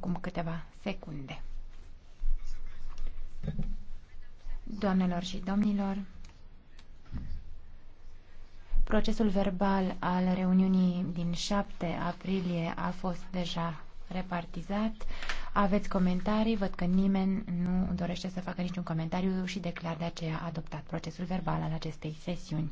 acum câteva secunde. Doamnelor și domnilor, procesul verbal al reuniunii din 7 aprilie a fost deja repartizat. Aveți comentarii, văd că nimeni nu dorește să facă niciun comentariu și declar de aceea adoptat procesul verbal al acestei sesiuni.